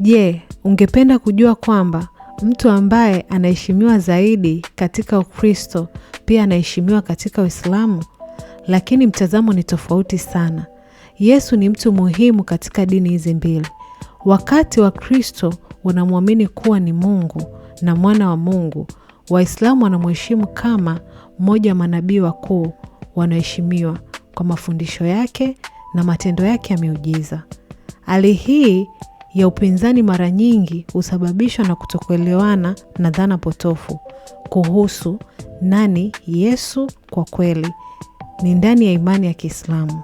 Je, ungependa kujua kwamba mtu ambaye anaheshimiwa zaidi katika Ukristo pia anaheshimiwa katika Uislamu? Lakini mtazamo ni tofauti sana. Yesu ni mtu muhimu katika dini hizi mbili. Wakati Wakristo wanamwamini kuwa ni Mungu na mwana wa Mungu, Waislamu wanamheshimu kama mmoja wa manabii wakuu wanaoheshimiwa kwa mafundisho yake na matendo yake ya miujiza. Hali hii ya upinzani mara nyingi husababishwa na kutokuelewana na dhana potofu kuhusu nani Yesu kwa kweli ni ndani ya imani ya Kiislamu.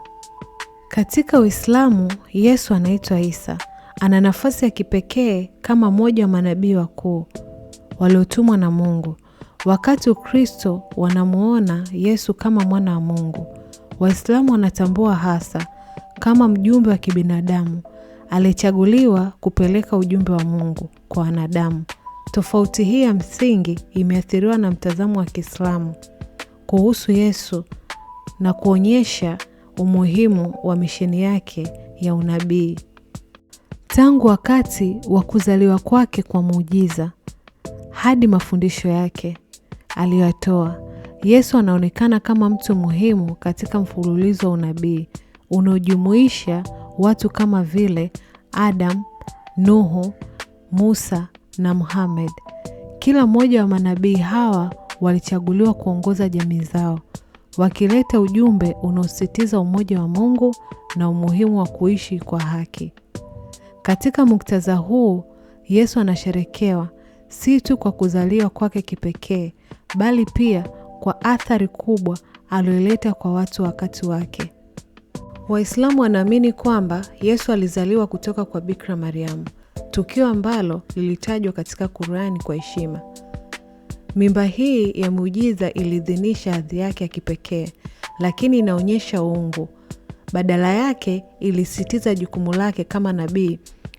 Katika Uislamu, Yesu anaitwa Isa. Ana nafasi ya kipekee kama mmoja wa manabii wakuu waliotumwa na Mungu, wakati Ukristo wanamuona Yesu kama mwana wa Mungu. Waislamu wanatambua hasa kama mjumbe wa kibinadamu alichaguliwa kupeleka ujumbe wa Mungu kwa wanadamu. Tofauti hii ya msingi imeathiriwa na mtazamo wa Kiislamu kuhusu Yesu na kuonyesha umuhimu wa misheni yake ya unabii. Tangu wakati wa kuzaliwa kwake kwa muujiza hadi mafundisho yake aliyotoa, Yesu anaonekana kama mtu muhimu katika mfululizo wa unabii unaojumuisha watu kama vile Adam, Nuhu, Musa na Muhammad. Kila mmoja wa manabii hawa walichaguliwa kuongoza jamii zao, wakileta ujumbe unaosisitiza umoja wa Mungu na umuhimu wa kuishi kwa haki. Katika muktadha huu, Yesu anasherekewa si tu kwa kuzaliwa kwake kipekee, bali pia kwa athari kubwa aliyoileta kwa watu wakati wake. Waislamu wanaamini kwamba Yesu alizaliwa kutoka kwa Bikira Mariamu, tukio ambalo lilitajwa katika Kurani kwa heshima. Mimba hii ya muujiza iliidhinisha hadhi yake ya kipekee, lakini inaonyesha uungu. Badala yake, ilisisitiza jukumu lake kama nabii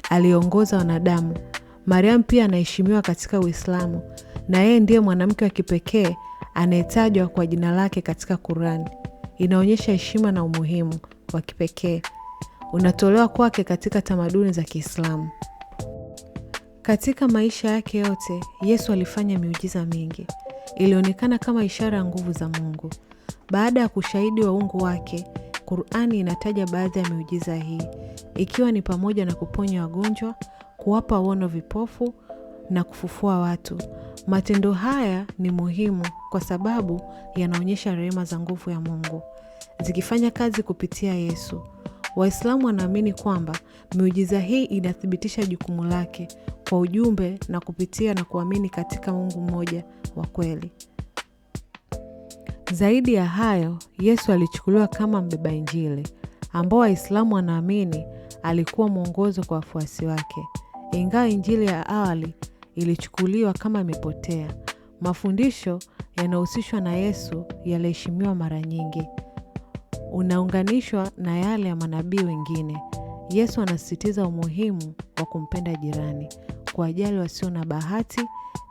aliyeongoza wanadamu. Mariamu pia anaheshimiwa katika Uislamu, na yeye ndiye mwanamke wa kipekee anayetajwa kwa jina lake katika Kurani. Inaonyesha heshima na umuhimu wa kipekee unatolewa kwake katika tamaduni za Kiislamu. Katika maisha yake yote, Yesu alifanya miujiza mingi ilionekana kama ishara ya nguvu za Mungu. Baada ya kushahidi wa uungu wake, Qur'ani inataja baadhi ya miujiza hii, ikiwa ni pamoja na kuponya wagonjwa, kuwapa uono vipofu, na kufufua watu. Matendo haya ni muhimu kwa sababu yanaonyesha rehema za nguvu ya Mungu zikifanya kazi kupitia Yesu. Waislamu wanaamini kwamba miujiza hii inathibitisha jukumu lake kwa ujumbe na kupitia na kuamini katika Mungu mmoja wa kweli. Zaidi ya hayo, Yesu alichukuliwa kama mbeba Injili ambao Waislamu wanaamini alikuwa mwongozo kwa wafuasi wake. Ingawa Injili ya awali ilichukuliwa kama imepotea. Mafundisho yanayohusishwa na Yesu yaliheshimiwa mara nyingi, unaunganishwa na yale ya manabii wengine. Yesu anasisitiza umuhimu wa kumpenda jirani, kuwajali wasio na bahati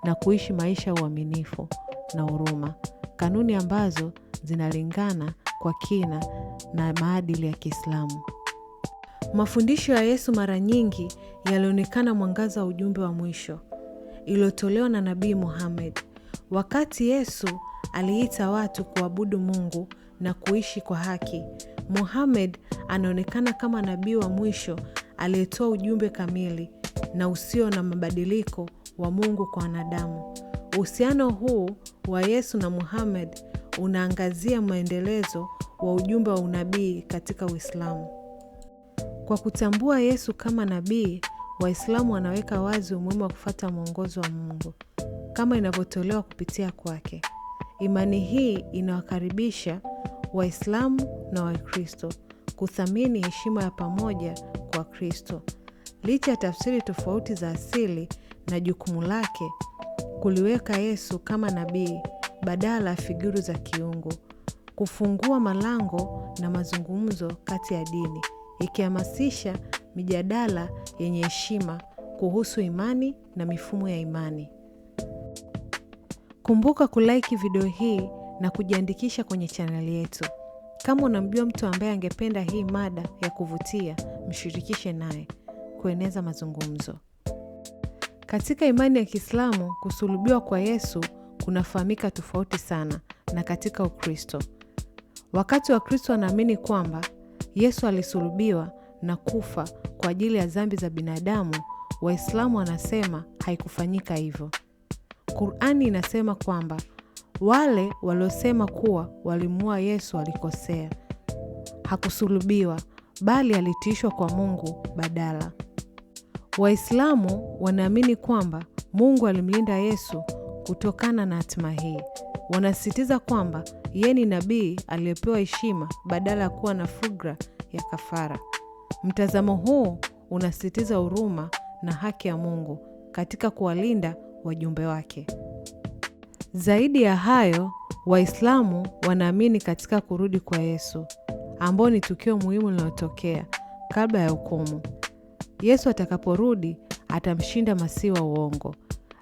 na kuishi maisha ya uaminifu na huruma, kanuni ambazo zinalingana kwa kina na maadili ya Kiislamu. Mafundisho ya Yesu mara nyingi yalionekana mwangaza wa ujumbe wa mwisho, iliyotolewa na Nabii Muhammad. Wakati Yesu aliita watu kuabudu Mungu na kuishi kwa haki, Muhammad anaonekana kama nabii wa mwisho aliyetoa ujumbe kamili na usio na mabadiliko wa Mungu kwa wanadamu. Uhusiano huu wa Yesu na Muhammad unaangazia maendelezo wa ujumbe wa unabii katika Uislamu. Kwa kutambua Yesu kama nabii, Waislamu wanaweka wazi umuhimu wa kufata mwongozo wa Mungu kama inavyotolewa kupitia kwake. Imani hii inawakaribisha Waislamu na Wakristo kuthamini heshima ya pamoja kwa Kristo, licha ya tafsiri tofauti za asili na jukumu lake kuliweka Yesu kama nabii badala ya figuru za kiungu, kufungua malango na mazungumzo kati ya dini, ikihamasisha mijadala yenye heshima kuhusu imani na mifumo ya imani. Kumbuka kulaiki video hii na kujiandikisha kwenye chaneli yetu. Kama unamjua mtu ambaye angependa hii mada ya kuvutia, mshirikishe naye kueneza mazungumzo. Katika imani ya Kiislamu, kusulubiwa kwa Yesu kunafahamika tofauti sana na katika Ukristo. Wakati wa Kristo wanaamini kwamba Yesu alisulubiwa na kufa kwa ajili ya dhambi za binadamu, Waislamu wanasema haikufanyika hivyo. Qur'ani inasema kwamba wale waliosema kuwa walimuua Yesu walikosea. Hakusulubiwa bali alitiishwa kwa Mungu badala. Waislamu wanaamini kwamba Mungu alimlinda Yesu kutokana na hatima hii. Wanasisitiza kwamba yeye ni nabii aliyepewa heshima badala ya kuwa na fugra ya kafara. Mtazamo huu unasisitiza huruma na haki ya Mungu katika kuwalinda wajumbe wake. Zaidi ya hayo, Waislamu wanaamini katika kurudi kwa Yesu, ambao ni tukio muhimu linalotokea kabla ya hukumu. Yesu atakaporudi atamshinda Masihi wa uongo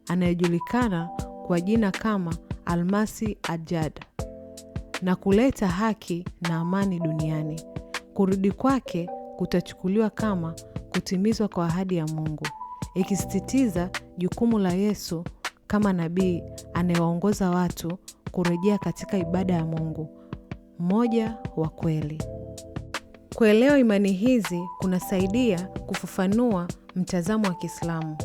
anayejulikana kwa jina kama Almasi Ajad na kuleta haki na amani duniani. Kurudi kwake kutachukuliwa kama kutimizwa kwa ahadi ya Mungu, ikisisitiza jukumu la Yesu kama nabii anayewaongoza watu kurejea katika ibada ya Mungu mmoja wa kweli. Kuelewa imani hizi kunasaidia kufafanua mtazamo wa Kiislamu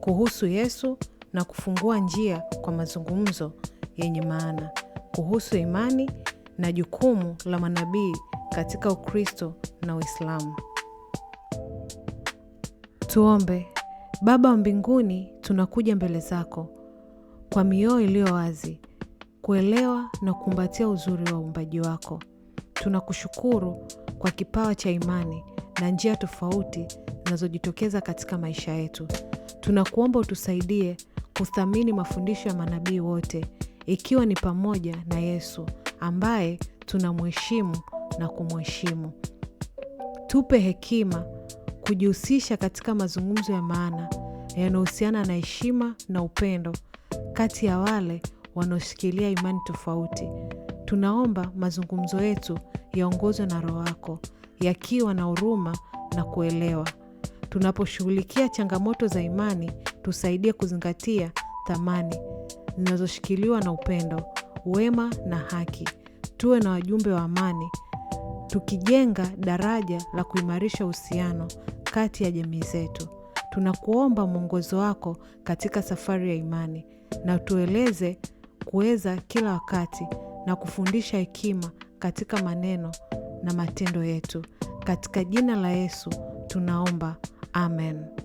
kuhusu Yesu na kufungua njia kwa mazungumzo yenye maana kuhusu imani na jukumu la manabii katika Ukristo na Uislamu. Tuombe. Baba wa mbinguni, tunakuja mbele zako kwa mioyo iliyo wazi kuelewa na kukumbatia uzuri wa uumbaji wako. Tunakushukuru kwa kipawa cha imani na njia tofauti zinazojitokeza katika maisha yetu. Tunakuomba utusaidie kuthamini mafundisho ya manabii wote, ikiwa ni pamoja na Yesu ambaye tunamheshimu na kumheshimu. Tupe hekima kujihusisha katika mazungumzo ya maana yanayohusiana na heshima na upendo kati ya wale wanaoshikilia imani tofauti. Tunaomba mazungumzo yetu yaongozwe na Roho yako, yakiwa na huruma na kuelewa. Tunaposhughulikia changamoto za imani, tusaidie kuzingatia thamani zinazoshikiliwa na upendo, wema na haki. Tuwe na wajumbe wa amani tukijenga daraja la kuimarisha uhusiano kati ya jamii zetu. Tunakuomba mwongozo wako katika safari ya imani, na tueleze kuweza kila wakati na kufundisha hekima katika maneno na matendo yetu. Katika jina la Yesu tunaomba, amen.